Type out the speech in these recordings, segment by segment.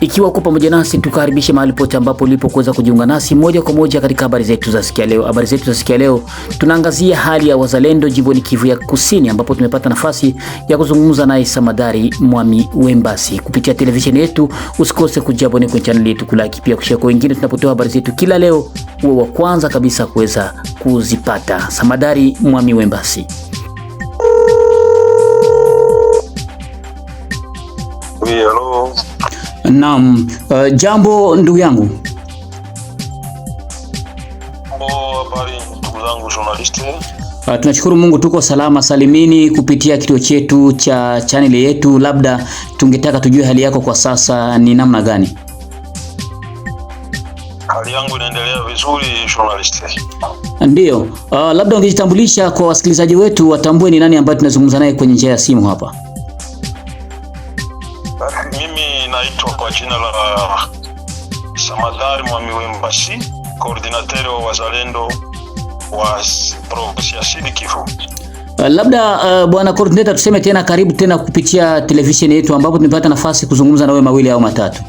Ikiwa uko pamoja nasi, tukaribishe mahali pote ambapo ulipo kuweza kujiunga nasi moja kwa moja katika habari zetu za sikia leo. Habari zetu za sikia leo tunaangazia hali ya wazalendo jimboni Kivu ya Kusini, ambapo tumepata nafasi ya kuzungumza naye Samadari Mwami Wembasi kupitia televisheni yetu. Usikose kujiabone kwenye chaneli yetu, kulaki pia kushare kwa wengine tunapotoa habari zetu kila leo, uwe wa kwanza kabisa kuweza kuzipata. Samadari Mwami Wembasi. Hello. Naam, uh, jambo ndugu yangu. Uh, tunashukuru Mungu tuko salama salimini kupitia kituo chetu cha chaneli yetu, labda tungetaka tujue hali yako kwa sasa ni namna gani? Hali yangu inaendelea vizuri journalist. Ndiyo. Uh, labda ungejitambulisha kwa wasikilizaji wetu watambue ni nani ambaye tunazungumza naye kwenye njia ya simu hapa. jina la Samadari Mwamiwembasi, koordinatero wa wazalendo wa provinsi ya Sud Kivu. Uh, labda uh, bwana coordinator, tuseme tena karibu tena kupitia televisheni yetu ambapo tumepata nafasi kuzungumza nawe mawili au matatu.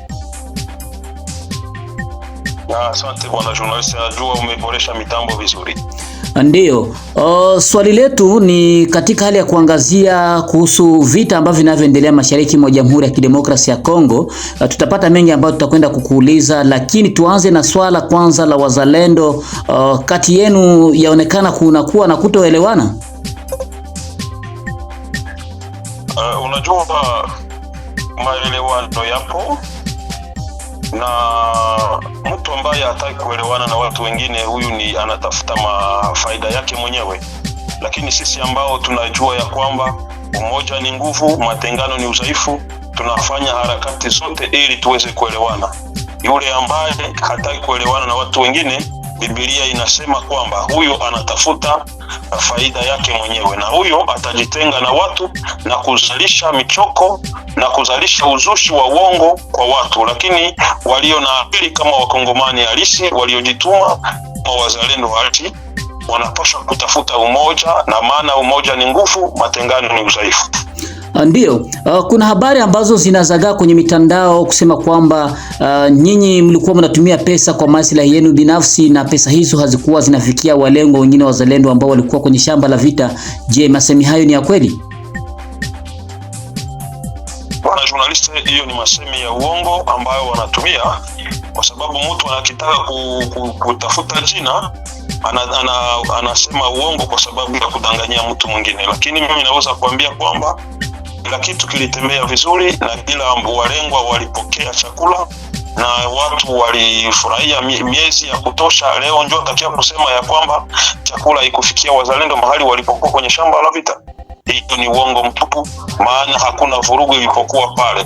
Asante bwana journalist, najua umeboresha mitambo vizuri. Ndiyo, o, swali letu ni katika hali ya kuangazia kuhusu vita ambavyo vinavyoendelea mashariki mwa Jamhuri ya Kidemokrasia ya Kongo. Tutapata mengi ambayo tutakwenda kukuuliza, lakini tuanze na swala kwanza la wazalendo. O, kati yenu yaonekana kunakuwa na kutoelewana. Uh, unajua maelewano yapo na mtu ambaye hataki kuelewana na watu wengine, huyu ni anatafuta mafaida yake mwenyewe. Lakini sisi ambao tunajua ya kwamba umoja ni nguvu, matengano ni udhaifu, tunafanya harakati zote ili tuweze kuelewana. Yule ambaye hataki kuelewana na watu wengine, Biblia inasema kwamba huyu anatafuta faida yake mwenyewe, na huyo atajitenga na watu na kuzalisha michoko na kuzalisha uzushi wa uongo kwa watu. Lakini walio na akili kama wakongomani halisi waliojituma kwa wazalendo halisi wanapaswa kutafuta umoja, na maana umoja ni nguvu, matengano ni udhaifu. Ah, Ndiyo, uh, ah, kuna habari ambazo zinazagaa kwenye mitandao kusema kwamba uh, nyinyi mlikuwa mnatumia pesa kwa maslahi yenu binafsi na pesa hizo hazikuwa zinafikia walengo wengine wazalendo ambao walikuwa kwenye shamba la vita. Je, masemi hayo ni ya kweli? Bwana journalist, hiyo ni masemi ya uongo ambayo wanatumia kwa sababu mtu anakitaka kutafuta ku, jina ana, ana, anasema uongo kwa sababu ya kudanganyia mtu mwingine, lakini mimi naweza kuambia kwamba kila kitu kilitembea vizuri na kila walengwa walipokea chakula na watu walifurahia miezi ya kutosha. Leo njoo takia kusema ya kwamba chakula ikufikia wazalendo mahali walipokuwa kwenye shamba la vita, hiyo ni uongo mtupu, maana hakuna vurugu ilipokuwa pale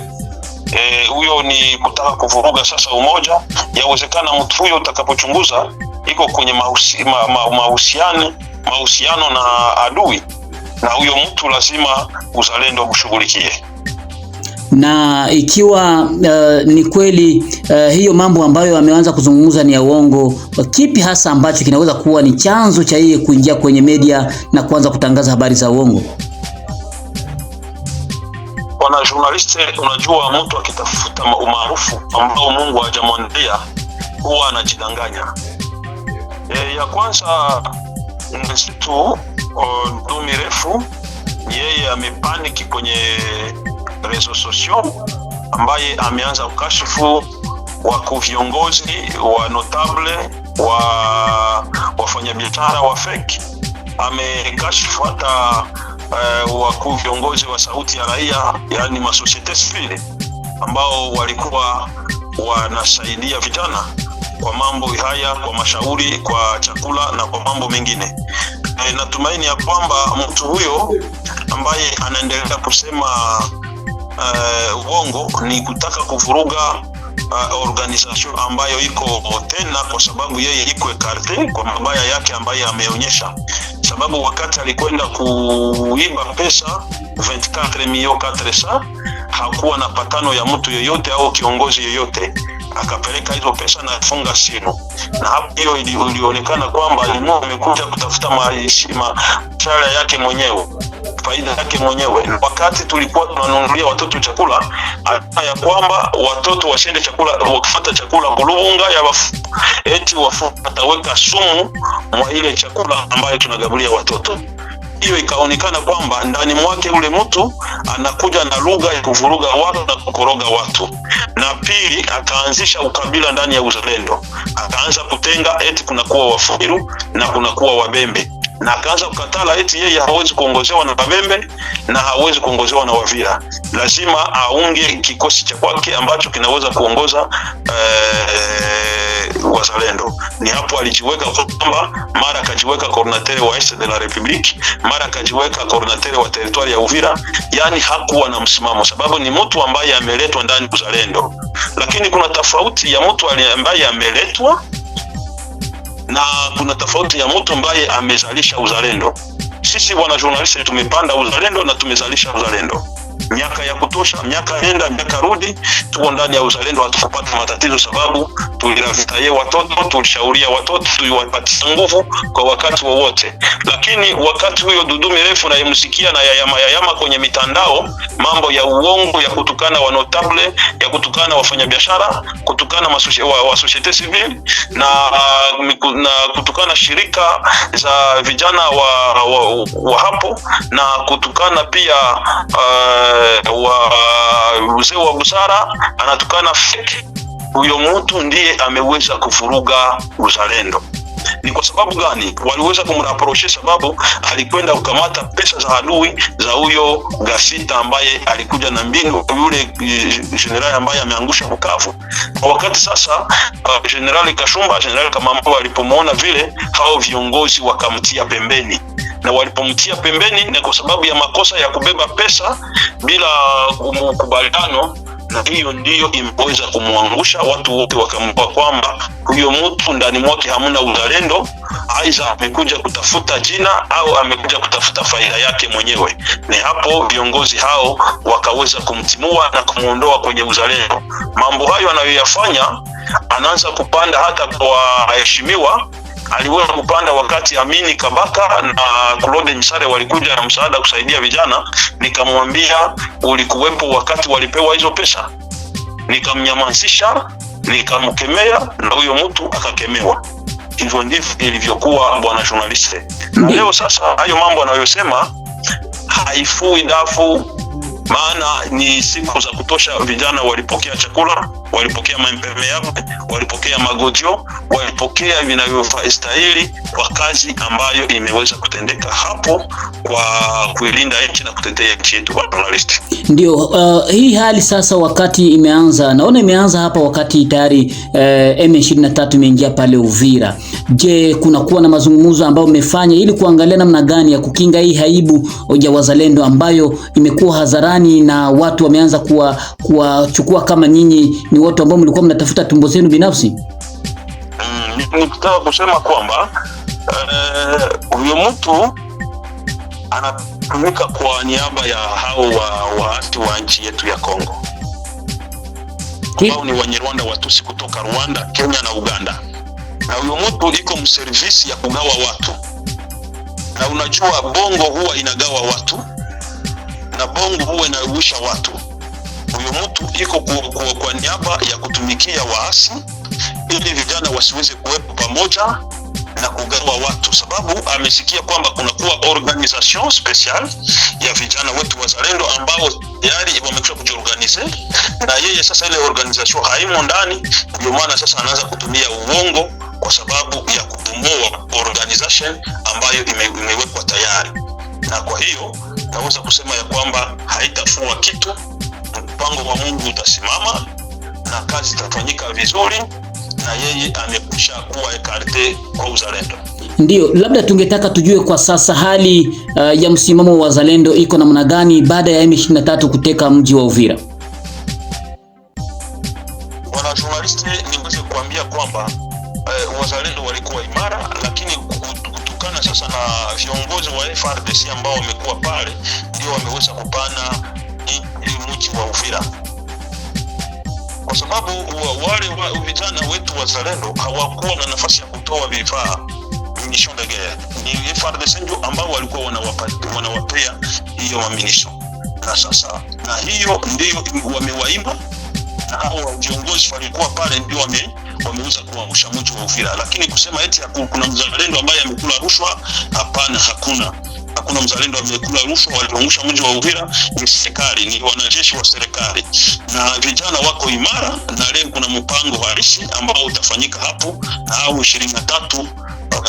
e, huyo e, ni kutaka kuvuruga sasa umoja. Yawezekana mtu huyo utakapochunguza iko kwenye mahusiano mahusiano na adui na huyo mtu lazima uzalendo umshughulikie na ikiwa uh, ni kweli uh, hiyo mambo ambayo ameanza kuzungumza ni ya uongo, kipi hasa ambacho kinaweza kuwa ni chanzo cha yeye kuingia kwenye media na kuanza kutangaza habari za uongo? Wana journalist, unajua mtu akitafuta umaarufu ambao Mungu hajamwandia huwa anajidanganya. E, ya kwanza tu kwa ndu mirefu, yeye amepaniki kwenye rezo sosio, ambaye ameanza ukashifu wakuu viongozi wa notable wa wafanyabiashara wa feki. Amekashifu hata uh, eh, wakuu viongozi wa sauti ya raia, yaani masosiete sivile ambao walikuwa wanasaidia vijana kwa mambo haya, kwa mashauri, kwa chakula na kwa mambo mengine e, natumaini ya kwamba mtu huyo ambaye anaendelea kusema uh, uongo ni kutaka kuvuruga uh, organization ambayo iko tena, kwa sababu yeye iko ekarte kwa mabaya yake ambaye ameonyesha, sababu wakati alikwenda kuiba pesa 24 milioni 400 hakuwa na patano ya mtu yeyote au kiongozi yeyote akapeleka hizo pesa na afunga sinu na hapo hiyo ilionekana kwamba Nuhu amekuja kutafuta mashara yake mwenyewe faida yake mwenyewe. Wakati tulikuwa tunanunulia watoto chakula, ya kwamba watoto washende chakula wakufuata chakula kulunga ya wafu, eti wafu ataweka sumu mwa ile chakula ambayo tunagabulia watoto hiyo ikaonekana kwamba ndani mwake ule mtu anakuja na lugha ya kuvuruga watu na kukoroga watu, na pili akaanzisha ukabila ndani ya uzalendo, akaanza kutenga eti kunakuwa Wafuiru na kunakuwa Wabembe na akaanza kukatala eti yeye hawezi kuongozewa na Wabembe na hawezi kuongozewa na Wavira, lazima aunge kikosi cha kwake ambacho kinaweza kuongoza ee, wazalendo. Ni hapo alijiweka kwamba mara akajiweka coordinateur wa Est de la Republique, mara akajiweka coordinateur wa territoire ya Uvira. Yani hakuwa na msimamo, sababu ni mtu ambaye ameletwa ndani uzalendo, lakini kuna tofauti ya mtu ambaye ameletwa na kuna tofauti ya mtu ambaye amezalisha uzalendo. Sisi wana journalist tumepanda uzalendo na tumezalisha uzalendo miaka ya kutosha, miaka nenda miaka rudi, tuko ndani ya uzalendo, hatukupata matatizo sababu tuliravitaye watoto, tulishauria watoto, tuliwapatia nguvu kwa wakati wowote wa, lakini wakati huyo dudu mirefu nayemsikia na yayama yayama kwenye mitandao, mambo ya uongo ya kutukana wa notable, ya kutukana wafanyabiashara, kutukana wa, wa societe civile na, na kutukana shirika za vijana wa, wa, wa hapo na kutukana pia uh, Eh, wa mzee wa busara anatukana feki, huyo mtu ndiye ameweza kuvuruga uzalendo. Ni kwa sababu gani waliweza kumraporoshe? Sababu alikwenda kukamata pesa za adui za huyo Gasita ambaye alikuja na mbinu, yule eh, generali ambaye ameangusha Bukavu kwa wakati. Sasa eh, generali Kashumba, generali Kamambo walipomwona vile, hao viongozi wakamtia pembeni na walipomtia pembeni ni kwa sababu ya makosa ya kubeba pesa bila makubaliano, na hiyo ndiyo imeweza kumwangusha. Watu wote wakamwambia kwamba huyo mtu ndani mwake hamna uzalendo, aidha amekuja kutafuta jina au amekuja kutafuta faida yake mwenyewe. Ni hapo viongozi hao wakaweza kumtimua na kumwondoa kwenye uzalendo. Mambo hayo anayoyafanya anaanza kupanda hata kwa waheshimiwa aliweza kupanda wakati Amini Kabaka na Claude Msare walikuja na msaada kusaidia vijana. Nikamwambia ulikuwepo wakati walipewa hizo pesa, nikamnyamazisha, nikamkemea na huyo mtu akakemewa. Hivyo ndivyo ilivyokuwa, bwana journaliste. Na leo sasa hayo mambo anayosema haifui dafu, maana ni siku za kutosha vijana walipokea chakula walipokea mapembe yapo, walipokea magojo, walipokea vinavyostahili kwa kazi ambayo imeweza kutendeka hapo kwa kuilinda nchi na kutetea nchi yetu. ndio. Uh, hii hali sasa, wakati imeanza, naona imeanza hapa wakati tayari uh, M23 imeingia pale Uvira. Je, kunakuwa na mazungumzo ambayo umefanya ili kuangalia namna gani ya kukinga hii haibu ya wazalendo ambayo imekuwa hadharani na watu wameanza kuwachukua kuwa kama nyinyi ni wote ambao mlikuwa mnatafuta tumbo zenu binafsi? Mm, nikutaka kusema kwamba eh, huyo uh, mtu anatumika kwa niaba ya hao waati wa, wa nchi yetu ya Kongo ambao ni Wanyarwanda watusi kutoka Rwanda, Kenya na Uganda, na huyo mtu iko mservisi ya kugawa watu, na unajua bongo huwa inagawa watu na bongo huwa inaugusha watu mtu iko kwa niaba ya kutumikia waasi, ili vijana wasiweze kuwepo pamoja na kugawa watu, sababu amesikia kwamba kunakuwa organisation special ya vijana wetu wazalendo ambao tayari wamekusha kujiorganize, na yeye sasa ile organisation haimo ndani. Ndio maana sasa anaanza kutumia uongo kwa sababu ya kubomoa organization ambayo ime, imewekwa tayari, na kwa hiyo naweza kusema ya kwamba haitafua kitu mpango wa Mungu utasimama na kazi itafanyika vizuri na yeye amekusha kuwa ekarte kwa uzalendo. Ndiyo, labda tungetaka tujue kwa sasa hali uh, ya msimamo wa wazalendo iko namna gani baada ya M23 kuteka mji wa Uvira? Bwana niweze kuambia kwamba uh, wazalendo walikuwa imara, lakini kutokana sasa na viongozi wa FRDC ambao wamekuwa pale ndio wameweza kupana wananchi wa Uvira, kwa sababu wale wa vijana wetu wazalendo hawakuwa na nafasi ya kutoa vifaa munition de guerre. Ni FARDC ndio ambao walikuwa wanawapea hiyo munition, na sasa na hiyo ndio wamewaimba na hao viongozi walikuwa pale ndio wame wameuza kuangusha mji wa Uvira, lakini kusema eti kuna mzalendo ambaye amekula rushwa, hapana, hakuna hakuna mzalendo amekula rushwa. Waliangusha mji wa Uvira ni serikali, ni wanajeshi wa serikali, na vijana wako imara, na leo kuna mpango harishi ambao utafanyika hapo na au ishirini na tatu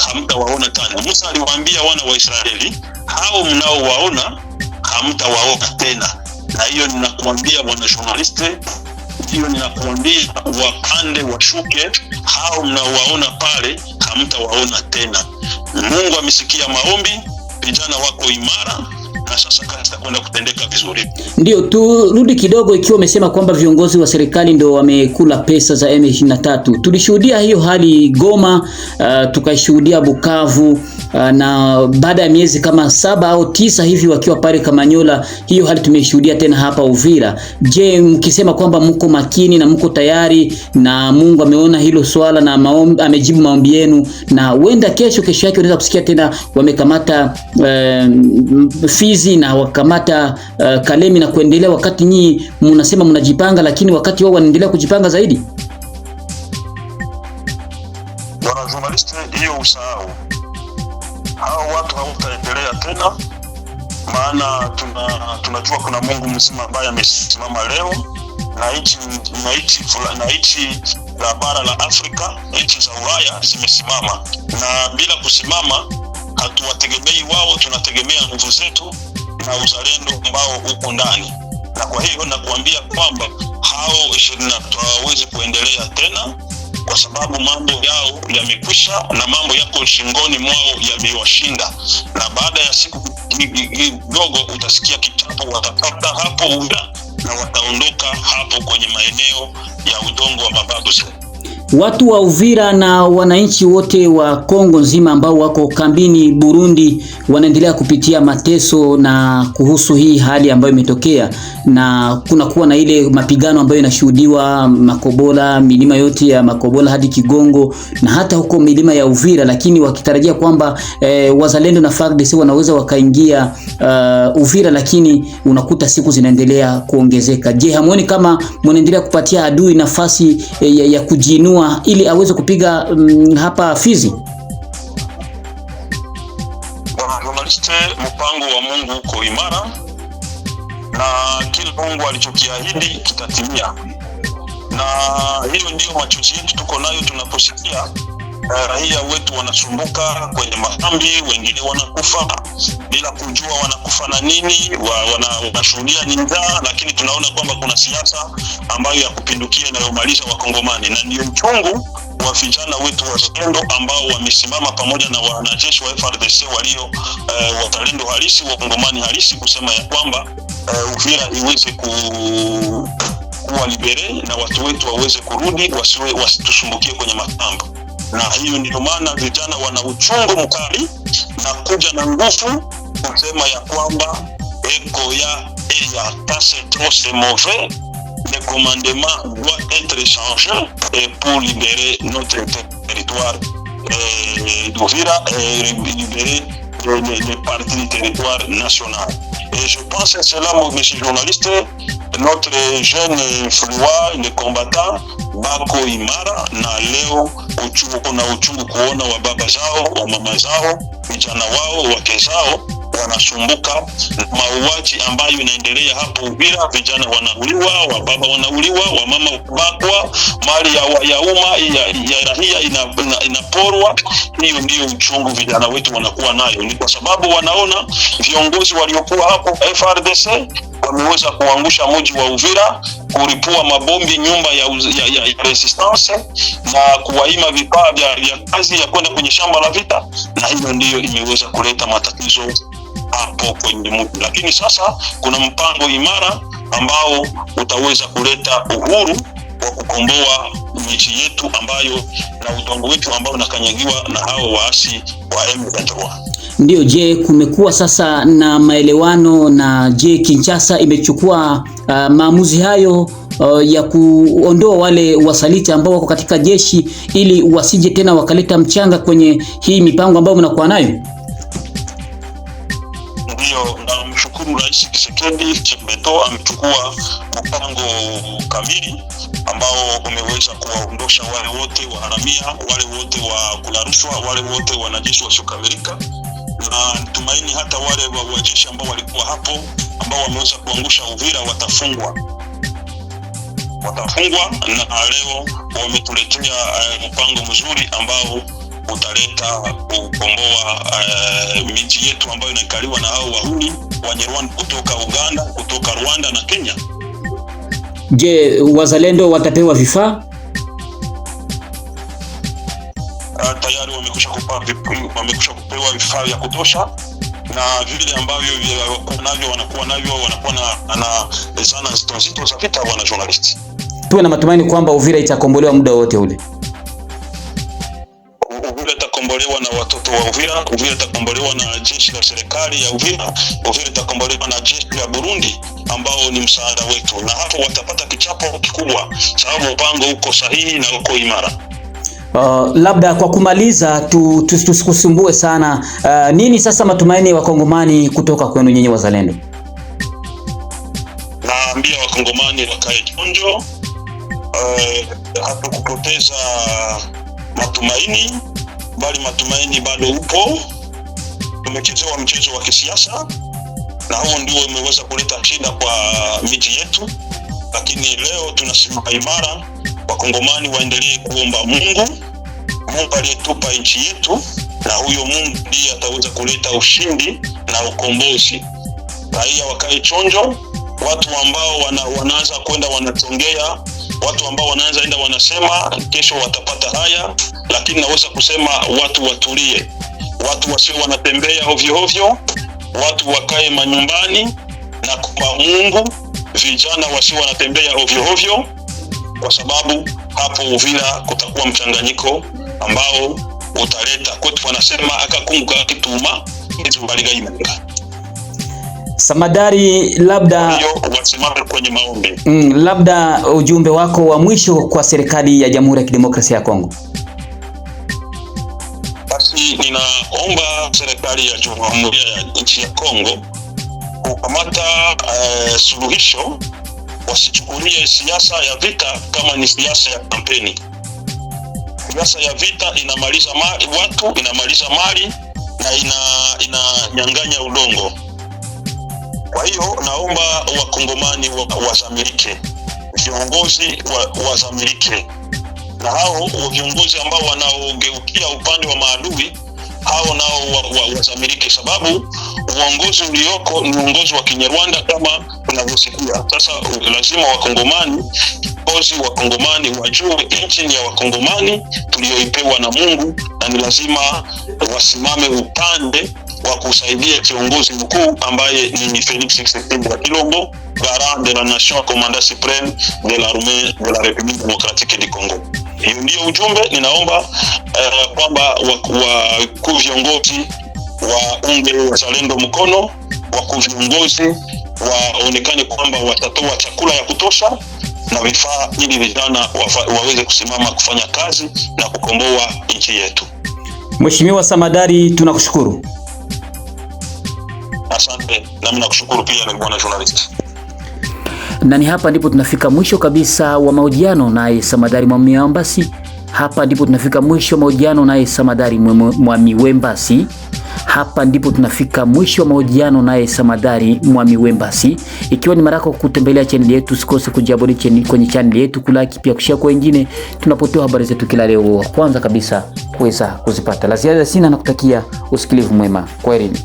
hamtawaona tena. Musa aliwaambia wana wa Israeli, hao mnaowaona hamtawaona tena, na hiyo ninakuambia bwana journaliste hiyo ninakuambia, wapande washuke, hao mnaowaona pale hamtawaona tena. Mungu amesikia maombi vijana wako imara na sasa kazi itakwenda kutendeka vizuri. Ndio, turudi kidogo, ikiwa umesema kwamba viongozi wa serikali ndio wamekula pesa za M23. Tulishuhudia hiyo hali Goma, uh, tukaishuhudia Bukavu Ah, na baada ya miezi kama saba au tisa hivi wakiwa pale Kamanyola, hiyo hali tumeshuhudia tena hapa Uvira. Je, mkisema kwamba mko makini na mko tayari na Mungu ameona hilo swala na maombi, amejibu maombi yenu, na wenda kesho kesho yake unaweza kusikia tena wamekamata eh, Fizi na wakamata eh, Kalemi na kuendelea, wakati nyinyi mnasema mnajipanga, lakini wakati wao wanaendelea kujipanga zaidi. Wana journalist hiyo usahau utaendelea tena, maana tunajua kuna Mungu mzima ambaye amesimama leo na nchi na la bara la Afrika, nchi za Ulaya zimesimama, na bila kusimama hatuwategemei wao, tunategemea nguvu zetu na uzalendo ambao uko ndani. Na kwa hiyo nakuambia kwamba hao ishirini na kuendelea tena kwa sababu mambo yao yamekwisha na mambo yako shingoni mwao yamewashinda, na baada ya siku kidogo utasikia kichapo, watapata hapo ula na wataondoka hapo kwenye maeneo ya udongo wa mababu zetu. Watu wa Uvira na wananchi wote wa Kongo nzima ambao wako kambini Burundi wanaendelea kupitia mateso na kuhusu hii hali ambayo imetokea, na kuna kuwa na ile mapigano ambayo inashuhudiwa Makobola, milima yote ya Makobola hadi Kigongo na hata huko milima ya Uvira, lakini wakitarajia kwamba eh, wazalendo na FARDC wanaweza wakaingia uh, Uvira, lakini unakuta siku zinaendelea kuongezeka. Je, hamuoni kama mnaendelea kupatia adui nafasi eh, ya, ya kujiinua kununua ili aweze kupiga mm, hapa Fizi? Wanajournaliste, mpango wa Mungu uko imara na kile Mungu alichokiahidi kitatimia, na hiyo ndiyo machozi yetu tuko nayo tunaposikia raia wetu wanasumbuka kwenye makambi wengine wanakufa bila kujua wanakufa na nini, wanashuhudia wana ni njaa, lakini tunaona kwamba kuna siasa ambayo ya kupindukia inayomaliza Wakongomani, na ndio uchungu wa vijana wetu wazalendo ambao wamesimama pamoja na wanajeshi wa frdc walio uh, wazalendo halisi wakongomani halisi kusema ya kwamba uh, Uvira iweze ku kuwa libere na watu wetu waweze kurudi, wasitusumbukie kwenye matambo na hiyo ndio maana vijana wana uchungu mkali na kuja na nguvu kusema ya kwamba egoya eya passe trop c'est mauvais le commandement doit être changé et pour libérer notre territoire eh, d'Uvira et libérer les parties du territoire national. Et je pense à cela, là, monsieur journaliste, notre jeune Floua, le combattant, bako imara, na leo uchungu, kuna uchungu kuona wa baba zao wa mama zao vijana wao wake zao wanasumbuka mauaji ambayo inaendelea hapo Uvira, vijana wanauliwa, wababa wanauliwa, wamama kubakwa, mali ya, ya umma ya, ya rahia inaporwa. Ina, ina hiyo ndiyo uchungu vijana wetu wanakuwa nayo, ni kwa sababu wanaona viongozi waliokuwa hapo FRDC wameweza kuangusha mji wa Uvira kuripua mabombi nyumba ya, ya, ya, ya resistance na kuwaima vifaa vya, vya kazi ya kwenda kwenye shamba la vita, na hiyo ndiyo imeweza kuleta matatizo hapo kwenye mtu Lakini sasa kuna mpango imara ambao utaweza kuleta uhuru wa kukomboa nchi yetu ambayo na udongo wetu ambao unakanyagiwa na hao waasi wa M23. Ndiyo, je, kumekuwa sasa na maelewano na je, Kinshasa imechukua uh, maamuzi hayo uh, ya kuondoa wale wasaliti ambao wako katika jeshi ili wasije tena wakaleta mchanga kwenye hii mipango ambayo mnakuwa nayo? Ndiyo, namshukuru Rais Tshisekedi Chembeto amechukua mpango kamili ambao umeweza kuwaondosha wale wote waharamia, wale wote wa kularushwa, wale wote wanajeshi wasiokamilika na nitumaini hata wale wa wajeshi ambao walikuwa hapo ambao wameweza kuangusha Uvira watafungwa watafungwa, na leo wametuletea uh, mpango mzuri ambao utaleta kukomboa uh, miji yetu ambayo inakaliwa na hao wahuni Rwanda kutoka Uganda, kutoka Rwanda na Kenya. Je, wazalendo watapewa vifaa? wamekusha kupewa vifaa vya kutosha na vile ambavyo navyo wanakuwa navyo wanakuwa na, na zana nzito nzito za vita. Bwana journalist, tuwe na matumaini kwamba Uvira itakombolewa muda wote ule. Uvira itakombolewa na watoto wa Uvira. Uvira itakombolewa na jeshi la serikali ya Uvira. Uvira itakombolewa na jeshi la Burundi ambao ni msaada wetu, na hapo watapata kichapo kikubwa, sababu mpango uko sahihi na uko imara. Uh, labda kwa kumaliza tusikusumbue tu, sana uh, nini sasa matumaini ya wakongomani kutoka kwenu nyinyi wazalendo? Naambia wakongomani wakae chonjo, uh, hatukupoteza matumaini, bali matumaini bado upo. Tumechezewa mchezo wa kisiasa na huo ndio umeweza kuleta shida kwa miji yetu, lakini leo tunasimama imara Wakongomani waendelee kuomba Mungu, Mungu aliyetupa nchi yetu, na huyo Mungu ndiye ataweza kuleta ushindi na ukombozi. Raia wakae chonjo, watu ambao wana, wanaanza kwenda wanatongea, watu ambao wanaanza enda wanasema kesho watapata haya, lakini naweza kusema watu watulie, watu wasio wanatembea ovyo ovyo, watu wakae manyumbani na kwa Mungu, vijana wasio wanatembea ovyo ovyo kwa sababu hapo Uvira kutakuwa mchanganyiko ambao utaleta kwetu, wanasema akakunguka kituma itubaligaimka Samadari, labda wasimame kwenye maombi mm, labda ujumbe wako wa mwisho kwa serikali ya Jamhuri ya Kidemokrasia ya Kongo. Basi ninaomba serikali ya Jamhuri ya nchi ya Kongo kukamata uh, suluhisho wasichukulie siasa ya vita kama ni siasa ya kampeni. Siasa ya vita inamaliza mali, watu inamaliza mali na ina inanyang'anya udongo. Kwa hiyo naomba wakongomani wazamilike, viongozi wazamilike, na hao viongozi ambao wanaogeukia upande wa maadui hao nao wazamilike, sababu uongozi ulioko ni uongozi wa Kinyarwanda kama unavyosikia. Sasa lazima wakongomani viongozi wakongomani wajue nchi ni ya wakongomani tuliyoipewa na Mungu, na ni lazima wasimame upande wa kusaidia kiongozi mkuu ambaye ni Felix Tshisekedi wa Kilombo, garant de la nation, commanda supreme de la l'armée de la République démocratique du Congo. Hiyo ndiyo ujumbe ninaomba uh, kwamba uh, wakuu wa, viongozi waunge wazalendo mkono, wakuu viongozi waonekane kwamba watatoa chakula ya kutosha na vifaa ili vijana waweze kusimama kufanya kazi na kukomboa nchi yetu. Mheshimiwa Samadari, tunakushukuru. Asante, nami nakushukuru pia bwana journalist. Na ni hapa ndipo tunafika mwisho kabisa wa mahojiano naye Samadari Mwamiwembasi. Hapa ndipo tunafika mwisho mahojiano naye Samadari Mwamiwembasi. Hapa ndipo tunafika mwisho wa mahojiano naye Samadhari Mwami Wembasi. Ikiwa ni mara yako kutembelea chaneli yetu, usikose kujiabonea kwenye channel yetu, kulaki pia kushare kwa wengine tunapotoa habari zetu kila leo, wa kwanza kabisa kuweza kuzipata. La ziada sina, nakutakia usikilivu mwema. Kwaherini.